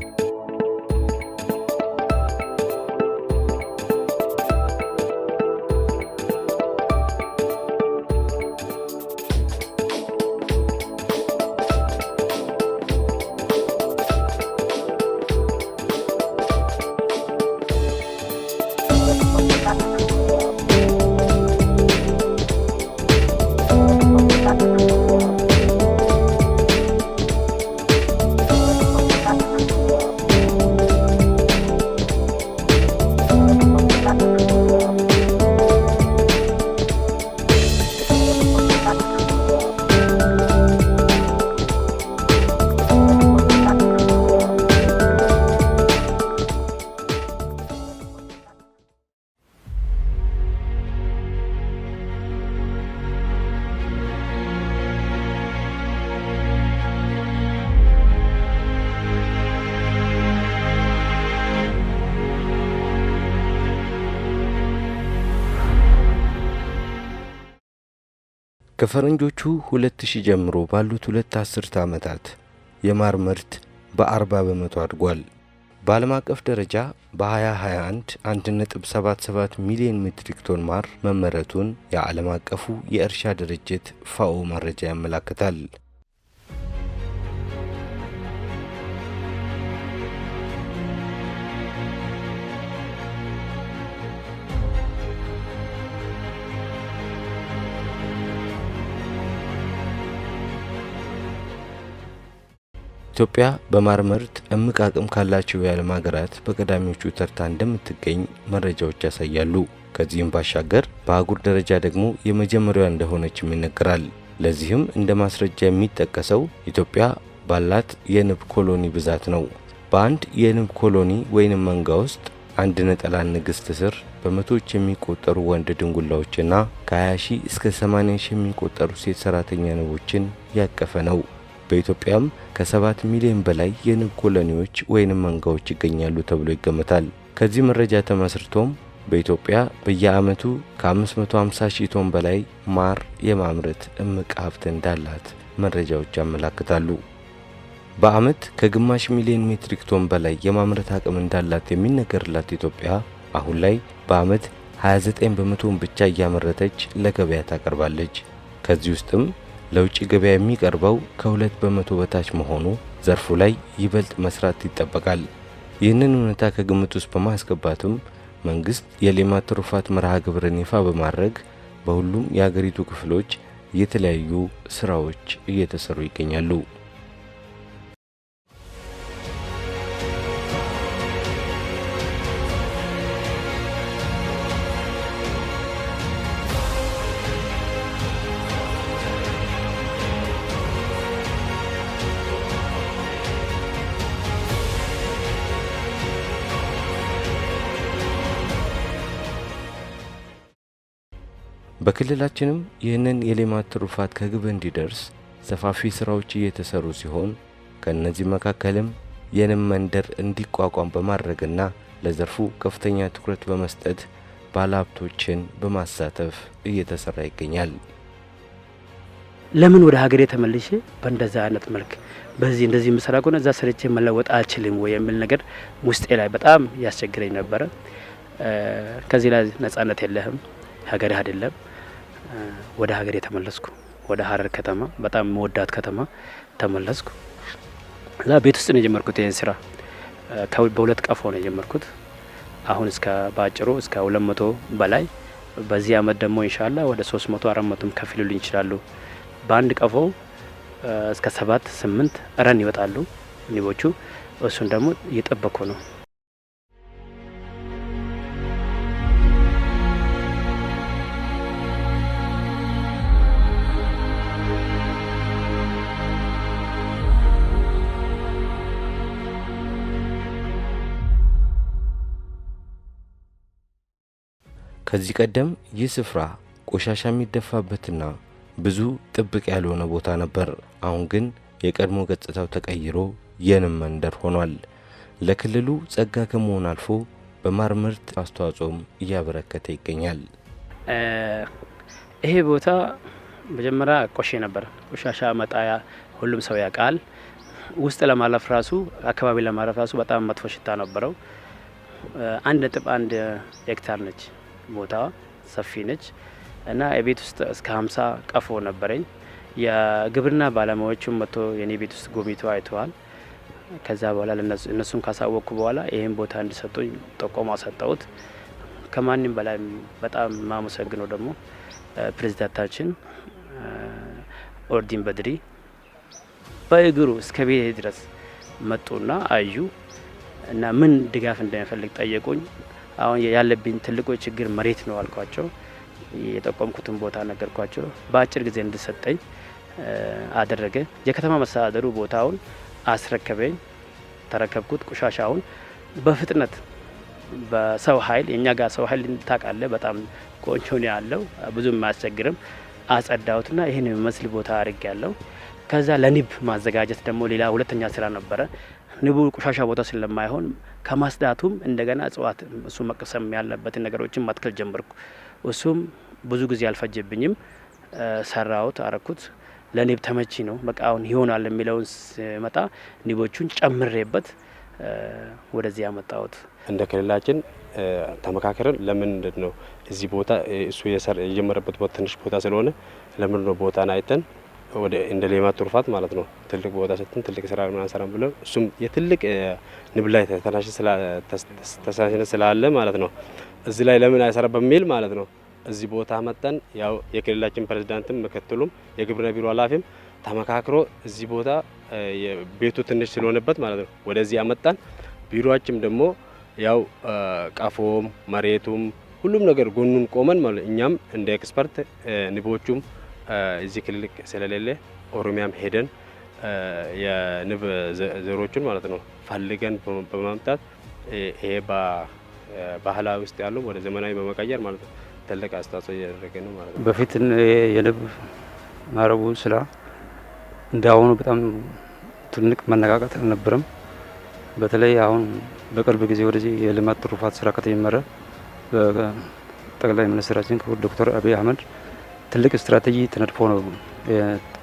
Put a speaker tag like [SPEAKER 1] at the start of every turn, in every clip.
[SPEAKER 1] you. ከፈረንጆቹ 2000 ጀምሮ ባሉት ሁለት አስርተ ዓመታት የማር ምርት በ40 በመቶ አድጓል። በዓለም አቀፍ ደረጃ በ2021 1.77 ሚሊዮን ሜትሪክ ቶን ማር መመረቱን የዓለም አቀፉ የእርሻ ድርጅት ፋኦ መረጃ ያመላክታል። ኢትዮጵያ በማር ምርት እምቅ አቅም ካላቸው የዓለም ሀገራት በቀዳሚዎቹ ተርታ እንደምትገኝ መረጃዎች ያሳያሉ። ከዚህም ባሻገር በአህጉር ደረጃ ደግሞ የመጀመሪያዋ እንደሆነችም ይነገራል። ለዚህም እንደ ማስረጃ የሚጠቀሰው ኢትዮጵያ ባላት የንብ ኮሎኒ ብዛት ነው። በአንድ የንብ ኮሎኒ ወይንም መንጋ ውስጥ አንድ ነጠላ ንግሥት ስር በመቶዎች የሚቆጠሩ ወንድ ድንጉላዎችና ከ20 ሺህ እስከ 80 ሺህ የሚቆጠሩ ሴት ሰራተኛ ንቦችን ያቀፈ ነው። በኢትዮጵያም ከሰባት ሚሊዮን በላይ የንብ ኮሎኒዎች ወይንም መንጋዎች ይገኛሉ ተብሎ ይገመታል። ከዚህ መረጃ ተመስርቶም በኢትዮጵያ በየዓመቱ ከ550 ሺህ ቶን በላይ ማር የማምረት እምቅ ሀብት እንዳላት መረጃዎች ያመላክታሉ። በዓመት ከግማሽ ሚሊዮን ሜትሪክ ቶን በላይ የማምረት አቅም እንዳላት የሚነገርላት ኢትዮጵያ አሁን ላይ በዓመት 29 በመቶን ብቻ እያመረተች ለገበያ ታቀርባለች። ከዚህ ውስጥም ለውጭ ገበያ የሚቀርበው ከሁለት በመቶ በታች መሆኑ ዘርፉ ላይ ይበልጥ መስራት ይጠበቃል። ይህንን እውነታ ከግምት ውስጥ በማስገባትም መንግስት የሌማት ትሩፋት መርሃ ግብርን ይፋ በማድረግ በሁሉም የሀገሪቱ ክፍሎች የተለያዩ ስራዎች እየተሰሩ ይገኛሉ። በክልላችንም ይህንን የሌማት ትሩፋት ከግብ እንዲደርስ ሰፋፊ ሥራዎች እየተሰሩ ሲሆን ከእነዚህ መካከልም የንም መንደር እንዲቋቋም በማድረግና ለዘርፉ ከፍተኛ ትኩረት በመስጠት ባለሀብቶችን በማሳተፍ እየተሰራ ይገኛል።
[SPEAKER 2] ለምን ወደ ሀገሬ ተመልሼ በእንደዛ አይነት መልክ በዚህ እንደዚህ የምሰራ ከሆነ እዛ ሰርቼ መለወጥ አልችልም ወይ የሚል ነገር ውስጤ ላይ በጣም ያስቸግረኝ ነበረ። ከዚህ ላይ ነጻነት የለህም፣ ሀገርህ አይደለም ወደ ሀገር የተመለስኩ ወደ ሀረር ከተማ በጣም መወዳት ከተማ ተመለስኩ። እዛ ቤት ውስጥ ነው የጀመርኩት ይህን ስራ በሁለት ቀፎ ነው የጀመርኩት። አሁን እስከ በአጭሩ እስከ ሁለት መቶ በላይ በዚህ አመት ደግሞ ኢንሻላ ወደ ሶስት መቶ አራት መቶም ከፍ ሊሉኝ ይችላሉ። በአንድ ቀፎ እስከ ሰባት ስምንት ረን ይወጣሉ ንቦቹ። እሱን ደግሞ እየጠበኩ ነው።
[SPEAKER 1] ከዚህ ቀደም ይህ ስፍራ ቆሻሻ የሚደፋበትና ብዙ ጥብቅ ያልሆነ ቦታ ነበር። አሁን ግን የቀድሞ ገጽታው ተቀይሮ የንም መንደር ሆኗል። ለክልሉ ጸጋ ከመሆን አልፎ በማር ምርት አስተዋጽኦም እያበረከተ ይገኛል።
[SPEAKER 2] ይሄ ቦታ መጀመሪያ ቆሼ ነበር። ቆሻሻ መጣያ ሁሉም ሰው ያውቃል። ውስጥ ለማለፍ ራሱ አካባቢ ለማለፍ ራሱ በጣም መጥፎ ሽታ ነበረው። አንድ ነጥብ አንድ ሄክታር ነች። ቦታ ሰፊ ነች እና የቤት ውስጥ እስከ 50 ቀፎ ነበረኝ። የግብርና ባለሙያዎቹም መጥቶ የኔ ቤት ውስጥ ጎብኝቶ አይተዋል። ከዛ በኋላ እነሱን ካሳወቅኩ በኋላ ይህን ቦታ እንዲሰጡኝ ጠቆማ ሰጠሁት። ከማንም በላይ በጣም የማመሰግነው ደግሞ ፕሬዚዳንታችን ኦርዲን በድሪ በእግሩ እስከ ቤት ድረስ መጡና አዩ እና ምን ድጋፍ እንደሚፈልግ ጠየቁኝ። አሁን ያለብኝ ትልቁ ችግር መሬት ነው አልኳቸው። የጠቆምኩትን ቦታ ነገርኳቸው። በአጭር ጊዜ እንድሰጠኝ አደረገ። የከተማ መስተዳደሩ ቦታውን አስረከበኝ። ተረከብኩት። ቆሻሻውን በፍጥነት በሰው ኃይል የእኛ ጋር ሰው ኃይል ታውቃለ፣ በጣም ቆንጆ ነው ያለው፣ ብዙም አያስቸግርም። አጸዳሁትና ይህን የሚመስል ቦታ አድርግ ያለው። ከዛ ለንብ ማዘጋጀት ደግሞ ሌላ ሁለተኛ ስራ ነበረ። ንቡ ቆሻሻ ቦታ ስለማይሆን ከማስዳቱም እንደገና እጽዋት እሱ መቅሰም ያለበትን ነገሮችን ማትከል ጀመርኩ። እሱም ብዙ ጊዜ አልፈጀብኝም፣ ሰራሁት፣ አረኩት። ለንብ ተመቺ ነው። በቃ አሁን ይሆናል የሚለውን መጣ ንቦቹን ጨምሬበት ወደዚህ ያመጣሁት።
[SPEAKER 3] እንደ ክልላችን ተመካከርን። ለምንድን ነው እዚህ ቦታ እሱ የጀመረበት ትንሽ ቦታ ስለሆነ ለምንድን ነው ቦታን አይተን ወደ እንደ ሌማት ቱርፋት ማለት ነው ትልቅ ቦታ ሰጥተን ትልቅ ስራ ምን ሰራን ብሎ እሱም የትልቅ ንብላይ ተነሳሽነት ስላለ ማለት ነው እዚህ ላይ ለምን አይሰራ በሚል ማለት ነው እዚህ ቦታ መጠን ያው የክልላችን ፕሬዝዳንትም ምክትሉም የግብርና ቢሮ ኃላፊም ተመካክሮ እዚህ ቦታ ቤቱ ትንሽ ስለሆነበት ማለት ነው ወደዚህ አመጣን ቢሮአችም ደግሞ ያው ቀፎም መሬቱም ሁሉም ነገር ጎኑን ቆመን ማለት እኛም እንደ ኤክስፐርት ንቦቹም እዚህ ክልል ስለሌለ ኦሮሚያም ሄደን የንብ ዘሮችን ማለት ነው ፈልገን በማምጣት ይሄ ባህላዊ ውስጥ ያሉ ወደ ዘመናዊ በመቀየር ማለት ነው ትልቅ አስተዋጽኦ እያደረገ ነው ማለት
[SPEAKER 4] ነው። በፊት የንብ ማረቡ ስራ እንዳሁኑ በጣም ትልቅ መነቃቃት አልነበረም። በተለይ አሁን በቅርብ ጊዜ ወደዚህ የልማት ትሩፋት ስራ ከተጀመረ በጠቅላይ ሚኒስትራችን ክቡር ዶክተር አብይ አህመድ ትልቅ ስትራቴጂ ተነድፎ ነው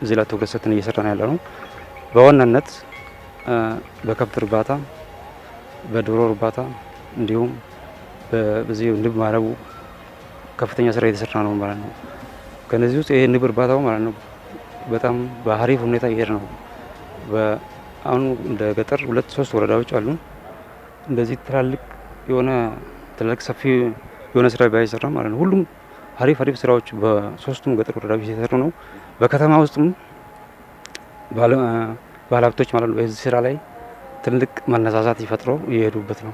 [SPEAKER 4] እዚህ ላይ ትኩረት ሰጥተን እየሰራን ያለ ነው። በዋናነት በከብት እርባታ፣ በዶሮ እርባታ እንዲሁም በዚህ ንብ ማረቡ ከፍተኛ ስራ እየተሰራ ነው ማለት ነው። ከነዚህ ውስጥ ይሄ ንብ እርባታው ማለት ነው በጣም በአሪፍ ሁኔታ እየሄደ ነው። አሁን እንደ ገጠር ሁለት ሶስት ወረዳዎች አሉ እንደዚህ ትላልቅ የሆነ ትላልቅ ሰፊ የሆነ ስራ ባይሰራ ማለት ነው ሁሉም አሪፍ አሪፍ ስራዎች በሶስቱም ገጠር ወረዳዎች እየተሰሩ ነው። በከተማ ውስጥም ባለሀብቶች ማለት ነው በዚህ ስራ ላይ ትልቅ መነሳሳት ይፈጥረው እየሄዱበት ነው።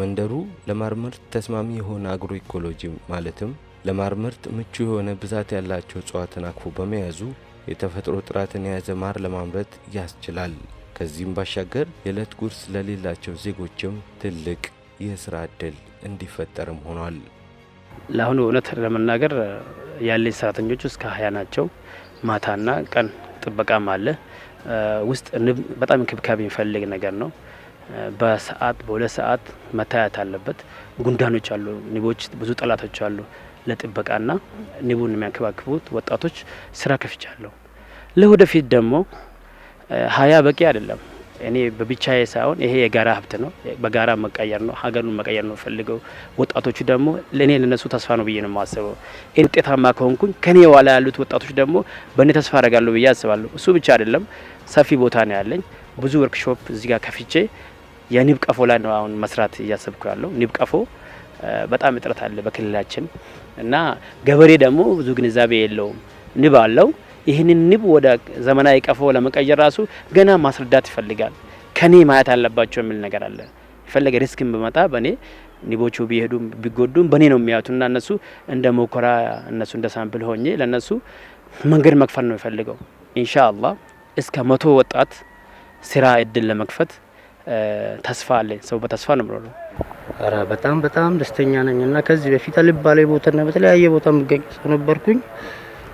[SPEAKER 1] መንደሩ ለማርምርት ተስማሚ የሆነ አግሮ ኢኮሎጂ ማለትም ለማርምርት ምቹ የሆነ ብዛት ያላቸው እጽዋትን አቅፎ በመያዙ የተፈጥሮ ጥራትን የያዘ ማር ለማምረት ያስችላል። ከዚህም ባሻገር የዕለት ጉርስ ለሌላቸው ዜጎችም ትልቅ የስራ እድል እንዲፈጠርም ሆኗል።
[SPEAKER 2] ለአሁኑ እውነት ለመናገር ያለኝ ሰራተኞች እስከ ሀያ ናቸው። ማታና ቀን ጥበቃም አለ። ውስጥ ንብ በጣም እንክብካቤ የሚፈልግ ነገር ነው። በሰዓት በሁለት ሰዓት መታየት አለበት። ጉንዳኖች አሉ፣ ንቦች ብዙ ጠላቶች አሉ። ለጥበቃና ንቡን የሚያንከባክቡት ወጣቶች ስራ ከፍቻለሁ። ለወደፊት ደግሞ ሀያ በቂ አይደለም። እኔ በብቻዬ ሳይሆን ይሄ የጋራ ሀብት ነው። በጋራ መቀየር ነው፣ ሀገሩን መቀየር ነው ፈልገው። ወጣቶቹ ደግሞ ለእኔ ለነሱ ተስፋ ነው ብዬ ነው የማስበው። እኔ ውጤታማ ከሆንኩኝ ከኔ ኋላ ያሉት ወጣቶች ደግሞ በእኔ ተስፋ አደርጋለሁ ብዬ አስባለሁ። እሱ ብቻ አይደለም፣ ሰፊ ቦታ ነው ያለኝ። ብዙ ወርክሾፕ እዚህ ጋር ከፍቼ የንብ ቀፎ ላይ ነው አሁን መስራት እያሰብኩ ያለው። ንብ ቀፎ በጣም እጥረት አለ በክልላችን እና ገበሬ ደግሞ ብዙ ግንዛቤ የለውም። ንብ አለው። ይህንን ንብ ወደ ዘመናዊ ቀፎ ለመቀየር ራሱ ገና ማስረዳት ይፈልጋል። ከኔ ማየት አለባቸው የሚል ነገር አለ። የፈለገ ሪስክን ብመጣ በእኔ ንቦቹ ቢሄዱም ቢጎዱም በእኔ ነው እና እነሱ እንደ ሞኮራ እነሱ እንደ ሳምፕል ሆኜ ለእነሱ መንገድ መክፈት ነው የፈልገው። ኢንሻ አላህ እስከ መቶ ወጣት ስራ እድል ለመክፈት ተስፋ አለኝ። ሰው በተስፋ ነው የምኖረው።
[SPEAKER 5] ኧረ በጣም በጣም ደስተኛ ነኝ እና ከዚህ በፊት አልባሌ ቦታና በተለያየ ቦታ የምገኝ ሰው ነበርኩኝ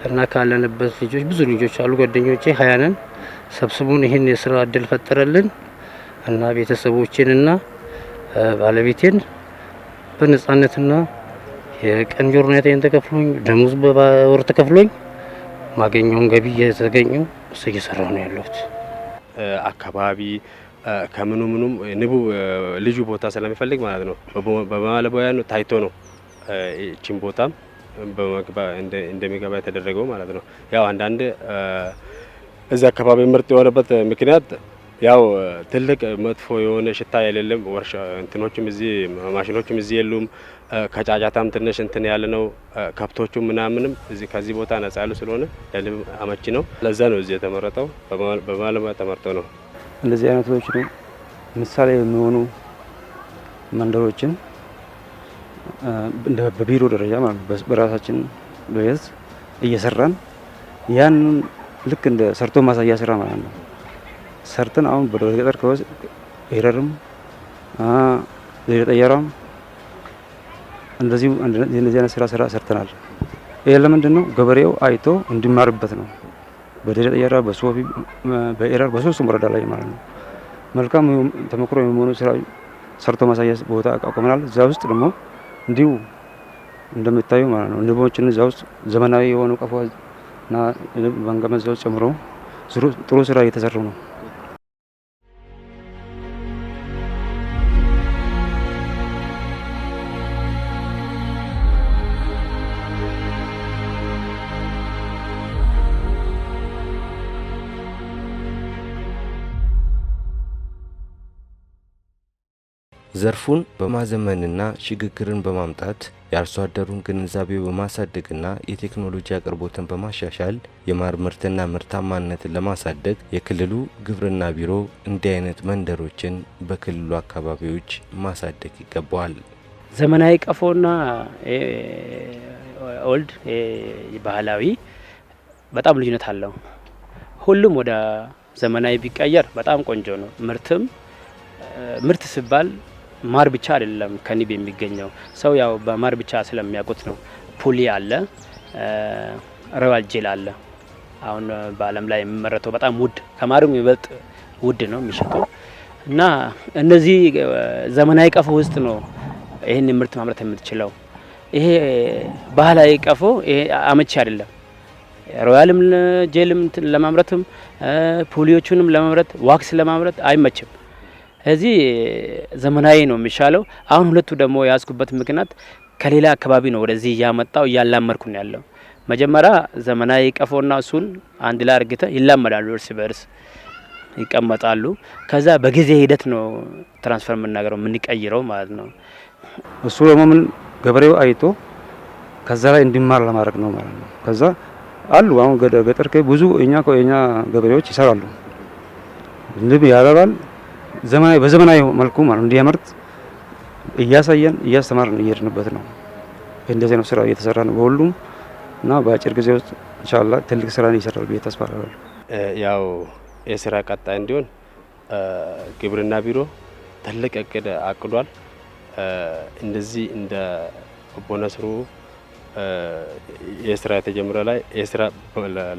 [SPEAKER 5] እና ካለንበት ልጆች ብዙ ልጆች አሉ ጓደኞቼ ሀያነን ሰብስቡን ይህን የስራ እድል ፈጠረልን እና ቤተሰቦችንና ባለቤቴን በነጻነትና የቀን ጆርናቴን ተከፍሎኝ ደሞዝ በወር ተከፍሎኝ ማገኘውን ገቢ እየተገኘው እየሰራ ነው ያለሁት
[SPEAKER 6] አካባቢ ከምኑ ምኑም ንቡ ልዩ ቦታ ስለሚፈልግ ማለት ነው። በማለበያ ታይቶ ነው ይችን ቦታም እንደሚገባ የተደረገው ማለት ነው። ያው አንዳንድ እዚህ አካባቢ ምርጥ የሆነበት ምክንያት ያው ትልቅ መጥፎ የሆነ ሽታ የሌለም ወርሻ እንትኖችም እዚህ ማሽኖችም እዚህ የሉም። ከጫጫታም ትንሽ እንትን ያለ ነው። ከብቶቹ ምናምንም እዚህ ከዚህ ቦታ ነጻ ያሉ ስለሆነ ለንብ አመቺ ነው። ለዛ ነው እዚህ የተመረጠው በማለማ ተመርጠው ነው።
[SPEAKER 7] እንደዚህ አይነቶች ምሳሌ የሚሆኑ መንደሮችን በቢሮ ደረጃ ማለት በራሳችን በየዝ እየሰራን ያንን ልክ እንደ ሰርቶ ማሳያ ስራ ማለት ነው። ሰርተን አሁን በደረጃ ገጠር ከወስ ሄረርም ዘይረ ጠየራም እንደዚህ እንደዚህ አይነት ስራ ስራ ሰርተናል። ይሄ ለምንድን ነው ገበሬው አይቶ እንዲማርበት ነው። በደሴ ጠየራ፣ በሶፊ፣ በኤረር በሶስቱም ወረዳ ላይ ማለት ነው መልካም ተሞክሮ የሚሆኑ ስራ ሰርቶ ማሳያ ቦታ አቋቁመናል። እዛ ውስጥ ደግሞ እንዲሁ እንደምታዩ ማለት ነው ንቦችን እዛ ውስጥ ዘመናዊ የሆኑ እና መንገመዛዎች ጨምሮ ጥሩ ስራ እየተሰሩ ነው።
[SPEAKER 1] ዘርፉን በማዘመንና ሽግግርን በማምጣት የአርሶ አደሩን ግንዛቤ በማሳደግና የቴክኖሎጂ አቅርቦትን በማሻሻል የማር ምርትና ምርታማነትን ለማሳደግ የክልሉ ግብርና ቢሮ እንዲህ አይነት መንደሮችን በክልሉ አካባቢዎች ማሳደግ ይገባዋል።
[SPEAKER 2] ዘመናዊ ቀፎና ኦልድ ባህላዊ በጣም ልዩነት አለው። ሁሉም ወደ ዘመናዊ ቢቀየር በጣም ቆንጆ ነው። ምርትም ምርት ሲባል ማር ብቻ አይደለም ከንብ የሚገኘው። ሰው ያው በማር ብቻ ስለሚያውቁት ነው። ፑሊ አለ፣ ሮያል ጄል አለ። አሁን በዓለም ላይ የሚመረተው በጣም ውድ ከማሩም ይበልጥ ውድ ነው የሚሸጠው እና እነዚህ ዘመናዊ ቀፎ ውስጥ ነው ይህን ምርት ማምረት የምትችለው። ይሄ ባህላዊ ቀፎ ይሄ አመቺ አይደለም። ሮያልም ጄልም ለማምረትም ፑሊዎቹንም ለማምረት ዋክስ ለማምረት አይመችም። እዚህ ዘመናዊ ነው የሚሻለው። አሁን ሁለቱ ደግሞ የያዝኩበት ምክንያት ከሌላ አካባቢ ነው ወደዚህ እያመጣው እያላመርኩ ነው ያለው። መጀመሪያ ዘመናዊ ቀፎና እሱን አንድ ላይ አርግተ ይላመዳሉ፣ እርስ በእርስ ይቀመጣሉ። ከዛ በጊዜ ሂደት ነው ትራንስፈር የምናገረው የምንቀይረው ማለት ነው።
[SPEAKER 4] እሱ ደግሞ ምን ገበሬው አይቶ ከዛ ላይ እንዲማር ለማድረግ ነው ማለት ነው። ከዛ አሉ አሁን ገጠር ብዙ እኛ እኛ ገበሬዎች ይሰራሉ፣ ንብ ያረባል ዘመናዊ በዘመናዊ መልኩ ማለት እንዲያመርት እያሳየን እያስተማርን እየሄድንበት ነው። እንደዚህ ነው ስራ እየተሰራ ነው በሁሉም እና በአጭር ጊዜ ውስጥ እንሻላ ትልቅ ስራ ይሰራል ብዬ ተስፋ አደርጋለሁ።
[SPEAKER 8] ያው የስራ ቀጣይ እንዲሆን ግብርና ቢሮ ትልቅ እቅድ አቅዷል። እንደዚህ እንደ ቦነስሩ የስራ የተጀመረ ላይ የስራ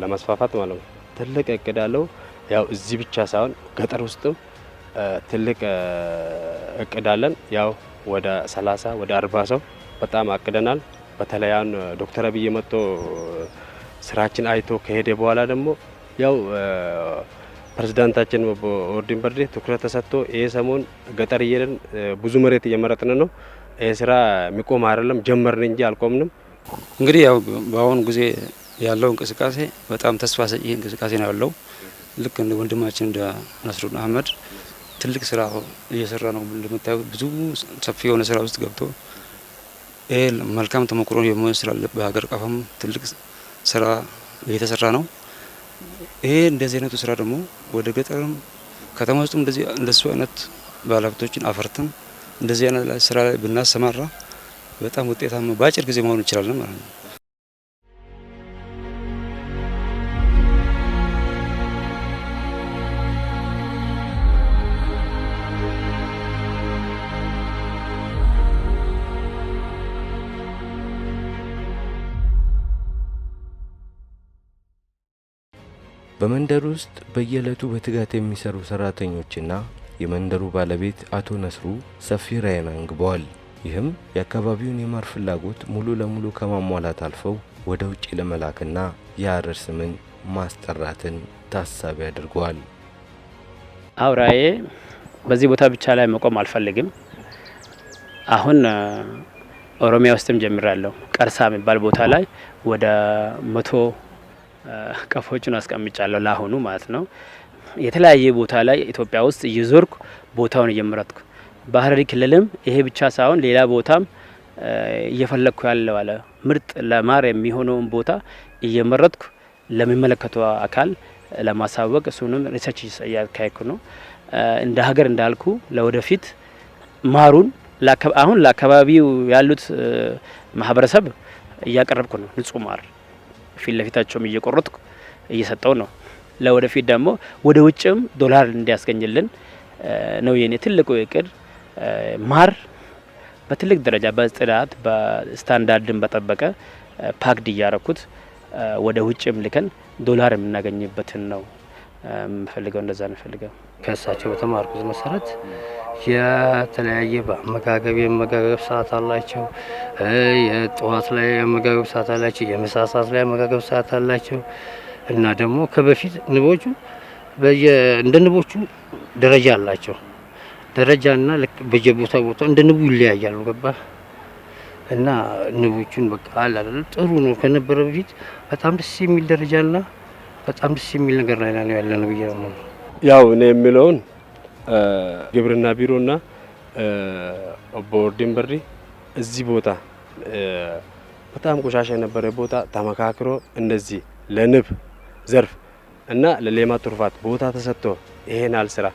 [SPEAKER 8] ለማስፋፋት ማለት ነው ትልቅ እቅድ አለው። ያው እዚህ ብቻ ሳይሆን ገጠር ውስጥም ትልቅ እቅድ አለን። ያው ወደ 30 ወደ 40 ሰው በጣም አቅደናል። በተለይ ዶክተር አብይ መጥቶ ስራችን አይቶ ከሄደ በኋላ ደግሞ ያው ፕሬዝዳንታችን ኦርዲን በርዴ ትኩረት ተሰጥቶ ይሄ ሰሞን ገጠር እየሄድን ብዙ መሬት እየመረጥን ነው። ይህ ስራ የሚቆም አይደለም፣ ጀመርን እንጂ አልቆምንም።
[SPEAKER 9] እንግዲህ ያው በአሁኑ ጊዜ ያለው እንቅስቃሴ በጣም ተስፋ ሰጪ እንቅስቃሴ ነው ያለው ልክ እንደ ወንድማችን እንደ ነስሩን አህመድ ትልቅ ስራ እየሰራ ነው። ለምታየው ብዙ ሰፊ የሆነ ስራ ውስጥ ገብቶ ይህ መልካም ተሞክሮ የመሆን ስላለ በሀገር ቀፈም ትልቅ ስራ እየተሰራ ነው። ይሄ እንደዚህ አይነቱ ስራ ደግሞ ወደ ገጠርም ከተማ ውስጥም እንደዚህ እንደሱ አይነት ባለሀብቶችን አፈርተን እንደዚህ አይነት ስራ ላይ ብናሰማራ በጣም ውጤታማ በአጭር ጊዜ መሆን እንችላለን ማለት ነው።
[SPEAKER 1] በመንደሩ ውስጥ በየዕለቱ በትጋት የሚሰሩ ሰራተኞችና የመንደሩ ባለቤት አቶ ነስሩ ሰፊ ራዕይን አንግበዋል። ይህም የአካባቢውን የማር ፍላጎት ሙሉ ለሙሉ ከማሟላት አልፈው ወደ ውጭ ለመላክና የአረር ስምን ማስጠራትን ታሳቢ አድርገዋል።
[SPEAKER 2] አውራዬ በዚህ ቦታ ብቻ ላይ መቆም አልፈልግም። አሁን ኦሮሚያ ውስጥም ጀምራለሁ። ቀርሳ የሚባል ቦታ ላይ ወደ መቶ ቀፎቹን አስቀምጫለሁ ለአሁኑ ማለት ነው። የተለያየ ቦታ ላይ ኢትዮጵያ ውስጥ እየዞርኩ ቦታውን እየመረጥኩ በሀረሪ ክልልም ይሄ ብቻ ሳይሆን ሌላ ቦታም እየፈለግኩ ያለው አለ ምርጥ ለማር የሚሆነውን ቦታ እየመረጥኩ ለሚመለከተው አካል ለማሳወቅ እሱንም ሪሰርች እያካሄድኩ ነው። እንደ ሀገር እንዳልኩ ለወደፊት ማሩን አሁን ለአካባቢው ያሉት ማህበረሰብ እያቀረብኩ ነው ንጹህ ማር ፊት ለፊታቸውም እየቆረጥኩ እየሰጠው ነው። ለወደፊት ደግሞ ወደ ውጭም ዶላር እንዲያስገኝልን ነው የኔ ትልቁ እቅድ። ማር በትልቅ ደረጃ በጽዳት በስታንዳርድን በጠበቀ ፓክድ እያረኩት ወደ ውጭም ልከን ዶላር የምናገኝበትን ነው የምፈልገው። እንደዛ ነው የምፈልገው።
[SPEAKER 10] ከእሳቸው በተማርኩት መሰረት የተለያየ በአመጋገብ የአመጋገብ ሰዓት አላቸው። የጠዋት ላይ የአመጋገብ ሰዓት አላቸው። የምሳ ሰዓት ላይ የአመጋገብ ሰዓት አላቸው እና ደግሞ ከበፊት ንቦቹ እንደ ንቦቹ ደረጃ አላቸው። ደረጃና ልክ በየቦታ ቦታ እንደ ንቡ ይለያያሉ። ገባ እና ንቦቹን በቃ አላለ ጥሩ ነው ከነበረ በፊት በጣም ደስ የሚል ደረጃና በጣም ደስ የሚል ነገር ላይ ያለ ነው ብዬ ነው
[SPEAKER 8] ያው እኔ የሚለውን ግብርና ቢሮና ቦርድን በሪ እዚህ ቦታ በጣም ቆሻሻ የነበረ ቦታ ተመካክሮ እንደዚህ ለንብ ዘርፍ እና ለሌማት ትሩፋት ቦታ ተሰጥቶ ይሄናል ስራ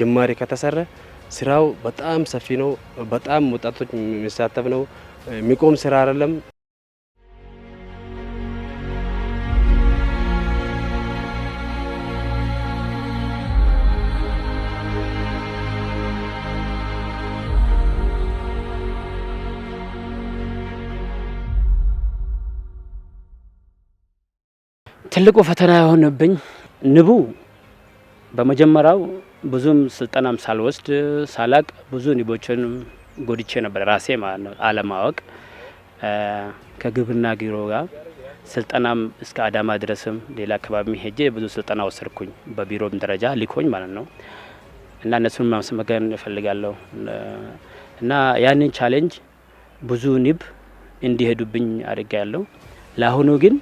[SPEAKER 8] ጅማሬ ከተሰራ ስራው በጣም ሰፊ ነው። በጣም ወጣቶች የሚሳተፍ ነው። የሚቆም ስራ አይደለም።
[SPEAKER 2] ትልቁ ፈተና የሆነብኝ ንቡ በመጀመሪያው ብዙም ስልጠናም ሳልወስድ ሳላቅ ብዙ ንቦችን ጎድቼ ነበር ራሴ ማለት ነው። አለማወቅ ከግብርና ቢሮ ጋር ስልጠናም እስከ አዳማ ድረስም ሌላ አካባቢ ሄጄ ብዙ ስልጠና ወሰድኩኝ፣ በቢሮም ደረጃ ሊኮኝ ማለት ነው። እና እነሱን ማመስገን እፈልጋለሁ። እና ያንን ቻሌንጅ ብዙ ንብ እንዲሄዱብኝ አድርጌ ያለው ለአሁኑ ግን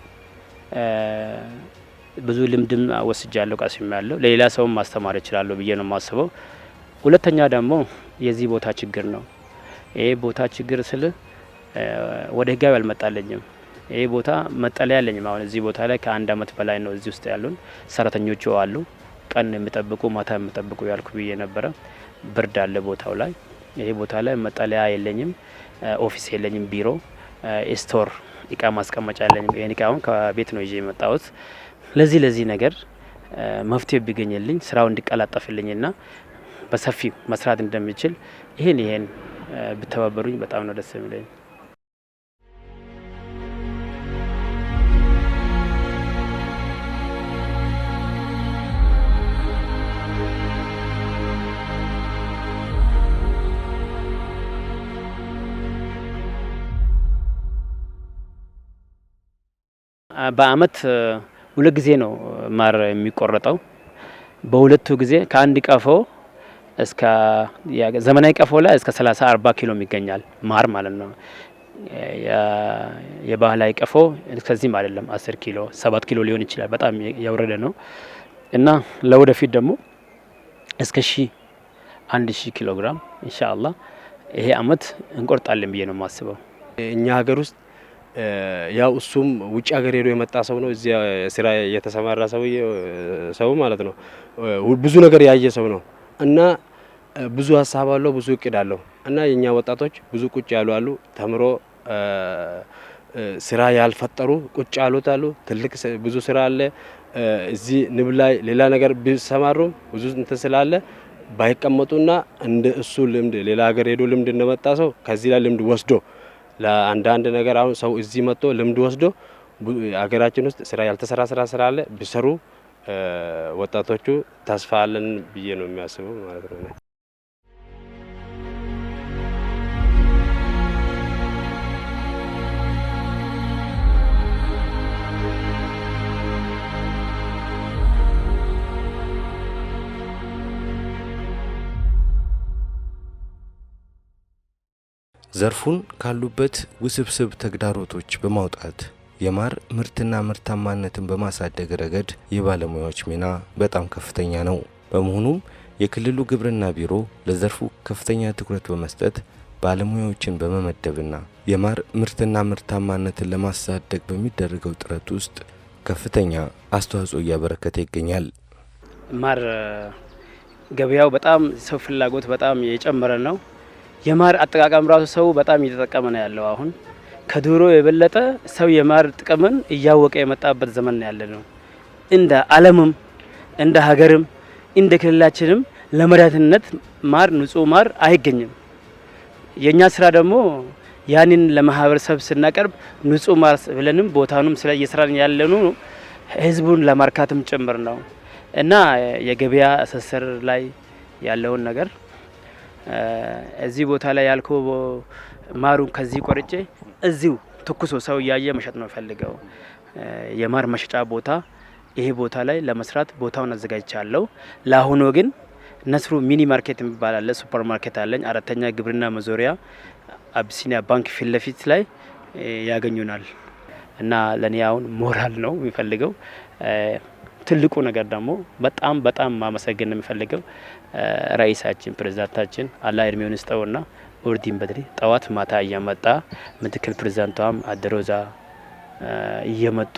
[SPEAKER 2] ብዙ ልምድም ወስጃለሁ፣ ቀስም ያለው ለሌላ ሰውም ማስተማር እችላለሁ ብዬ ነው የማስበው። ሁለተኛ ደግሞ የዚህ ቦታ ችግር ነው። ይሄ ቦታ ችግር ስል ወደ ህጋዊ አልመጣለኝም። ይሄ ቦታ መጠለያ ያለኝም አሁን እዚህ ቦታ ላይ ከአንድ አመት በላይ ነው እዚህ ውስጥ ያሉን ሰራተኞቹ አሉ። ቀን የሚጠብቁ ማታ የሚጠብቁ ያልኩ ብዬ ነበረ። ብርድ አለ ቦታው ላይ። ይሄ ቦታ ላይ መጠለያ የለኝም፣ ኦፊስ የለኝም፣ ቢሮ ስቶር እቃ ማስቀመጫ ያለኝ ይህን እቃውን ከቤት ነው ይዤ የመጣሁት። ለዚህ ለዚህ ነገር መፍትሄ ቢገኝልኝ ስራው እንዲቀላጠፍልኝና በሰፊው መስራት እንደሚችል ይህን ይህን ብተባበሩኝ በጣም ነው ደስ የሚለኝ። በአመት ሁለት ጊዜ ነው ማር የሚቆረጠው። በሁለቱ ጊዜ ከአንድ ቀፎ እስከ ዘመናዊ ቀፎ ላይ እስከ 30 40 ኪሎ ይገኛል ማር ማለት ነው። የባህላዊ ቀፎ ከዚህም አይደለም 10 ኪሎ 7 ኪሎ ሊሆን ይችላል። በጣም የወረደ ነው እና ለወደፊት ደግሞ እስከ ሺ አንድ ሺ ኪሎ ግራም ኢንሻአላህ ይሄ አመት እንቆርጣለን ብዬ ነው የማስበው
[SPEAKER 8] እኛ ሀገር ውስጥ ያው እሱም ውጭ ሀገር ሄዶ የመጣ ሰው ነው። እዚያ ስራ የተሰማራ ሰው ማለት ነው። ብዙ ነገር ያየ ሰው ነው እና ብዙ ሀሳብ አለው፣ ብዙ እቅድ አለው እና የእኛ ወጣቶች ብዙ ቁጭ ያሉ አሉ፣ ተምሮ ስራ ያልፈጠሩ ቁጭ ያሉት አሉ። ትልቅ ብዙ ስራ አለ እዚህ ንብ ላይ ሌላ ነገር ቢሰማሩም ብዙ እንትን ስላለ ባይቀመጡና እንደ እሱ ልምድ ሌላ ሀገር ሄዶ ልምድ እንደመጣ ሰው ከዚህ ላይ ልምድ ወስዶ ለአንዳንድ ነገር አሁን ሰው እዚህ መጥቶ ልምድ ወስዶ ሀገራችን ውስጥ ስራ ያልተሰራ ስራ ስላለ ቢሰሩ ወጣቶቹ ተስፋ አለን ብዬ ነው የሚያስበው ማለት ነው።
[SPEAKER 1] ዘርፉን ካሉበት ውስብስብ ተግዳሮቶች በማውጣት የማር ምርትና ምርታማነትን በማሳደግ ረገድ የባለሙያዎች ሚና በጣም ከፍተኛ ነው። በመሆኑም የክልሉ ግብርና ቢሮ ለዘርፉ ከፍተኛ ትኩረት በመስጠት ባለሙያዎችን በመመደብና የማር ምርትና ምርታማነትን ለማሳደግ በሚደረገው ጥረት ውስጥ ከፍተኛ አስተዋጽኦ እያበረከተ ይገኛል።
[SPEAKER 2] ማር ገበያው በጣም ሰው ፍላጎት በጣም የጨመረ ነው። የማር አጠቃቀም ራሱ ሰው በጣም እየተጠቀመ ነው ያለው። አሁን ከድሮ የበለጠ ሰው የማር ጥቅምን እያወቀ የመጣበት ዘመን ነው ያለ ነው። እንደ ዓለምም እንደ ሀገርም እንደ ክልላችንም ለመድኃኒትነት ማር ንጹህ ማር አይገኝም። የእኛ ስራ ደግሞ ያንን ለማህበረሰብ ስናቀርብ ንጹህ ማር ብለንም ቦታንም ስለ እየሰራን ያለኑ ህዝቡን ለማርካትም ጭምር ነው እና የገበያ ትስስር ላይ ያለውን ነገር እዚህ ቦታ ላይ ያልከው ማሩን ከዚህ ቆርጬ እዚሁ ትኩሶ ሰው እያየ መሸጥ ነው ፈልገው የማር መሸጫ ቦታ ይሄ ቦታ ላይ ለመስራት ቦታውን አዘጋጅቻለሁ። ለአሁኑ ግን ነስሩ ሚኒ ማርኬት የሚባል አለ፣ ሱፐር ማርኬት አለኝ። አራተኛ ግብርና መዞሪያ አቢሲኒያ ባንክ ፊት ለፊት ላይ ያገኙናል እና ለእኔ አሁን ሞራል ነው የሚፈልገው ትልቁ ነገር ደግሞ በጣም በጣም ማመሰግን የሚፈልገው ራይሳችን ፕሬዝዳንታችን አላ እድሜውን ይስጠውና ኦርዲን በድሪ ጠዋት ማታ እያመጣ ምትክል ፕሬዝዳንቷም አደሮዛ እየመጡ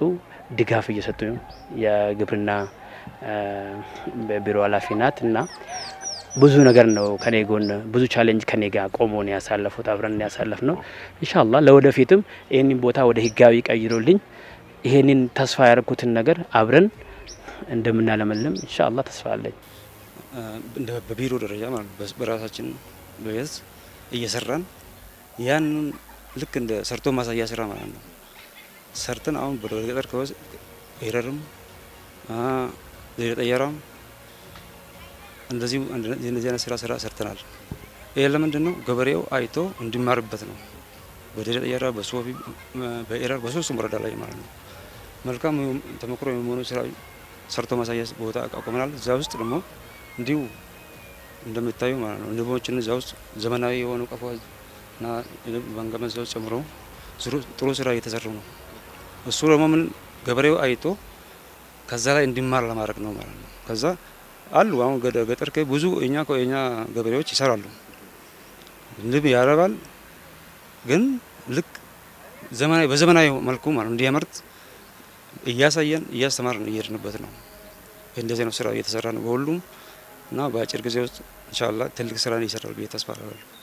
[SPEAKER 2] ድጋፍ እየሰጡ የግብርና ቢሮ ኃላፊ ናት እና ብዙ ነገር ነው ከኔ ጎን ብዙ ቻሌንጅ ከኔ ጋር ቆሞ ነው ያሳለፉት። አብረን ያሳለፍ ነው። እንሻላ ለወደፊትም ይህንን ቦታ ወደ ህጋዊ ቀይሮልኝ ይህንን ተስፋ ያደረኩትን ነገር አብረን እንደምናለመልም ኢንሻአላህ ተስፋ አለኝ።
[SPEAKER 4] በቢሮ ደረጃ በራሳችን በቤት እየሰራን ያንን ልክ እንደ ሰርቶ ማሳያ ስራ ማለት ነው። ሰርተን አሁን በገጠር ከወዝ ይረርም ጠየራም እንደዚህ አይነት ስራ ስራ ሰርተናል። ይህ ለምንድን ነው? ገበሬው አይቶ እንዲማርበት ነው። በደረ ጠየራ፣ በሶፊ፣ በኤረር በሶስቱም ወረዳ ላይ ማለት ነው። መልካም ተሞክሮ የሚሆኑ ስራ ሰርቶ ማሳያ ቦታ አቋቁመናል። እዛ ውስጥ ደግሞ እንዲሁ እንደምታዩ ማለት ነው ንቦችን እዛ ውስጥ ዘመናዊ የሆኑ ቀፎ እና ባንጋመ ውስጥ ጨምሮ ጥሩ ስራ እየተሰሩ ነው። እሱ ደግሞ ምን ገበሬው አይቶ ከዛ ላይ እንዲማር ለማድረግ ነው ማለት ነው። ከዛ አሉ አሁን ገጠር ብዙ እኛ የኛ ገበሬዎች ይሰራሉ፣ ንብ ያረባል። ግን ልክ በዘመናዊ መልኩ ማለት እንዲያመርት እያሳየን እያስተማርን እየሄድንበት ነው። እንደዚህ ነው ስራ እየተሰራ ነው በሁሉም እና በአጭር ጊዜ ውስጥ እንሻላ ትልቅ ስራ እየሰራል ብዬ ተስፋ አደርጋለሁ።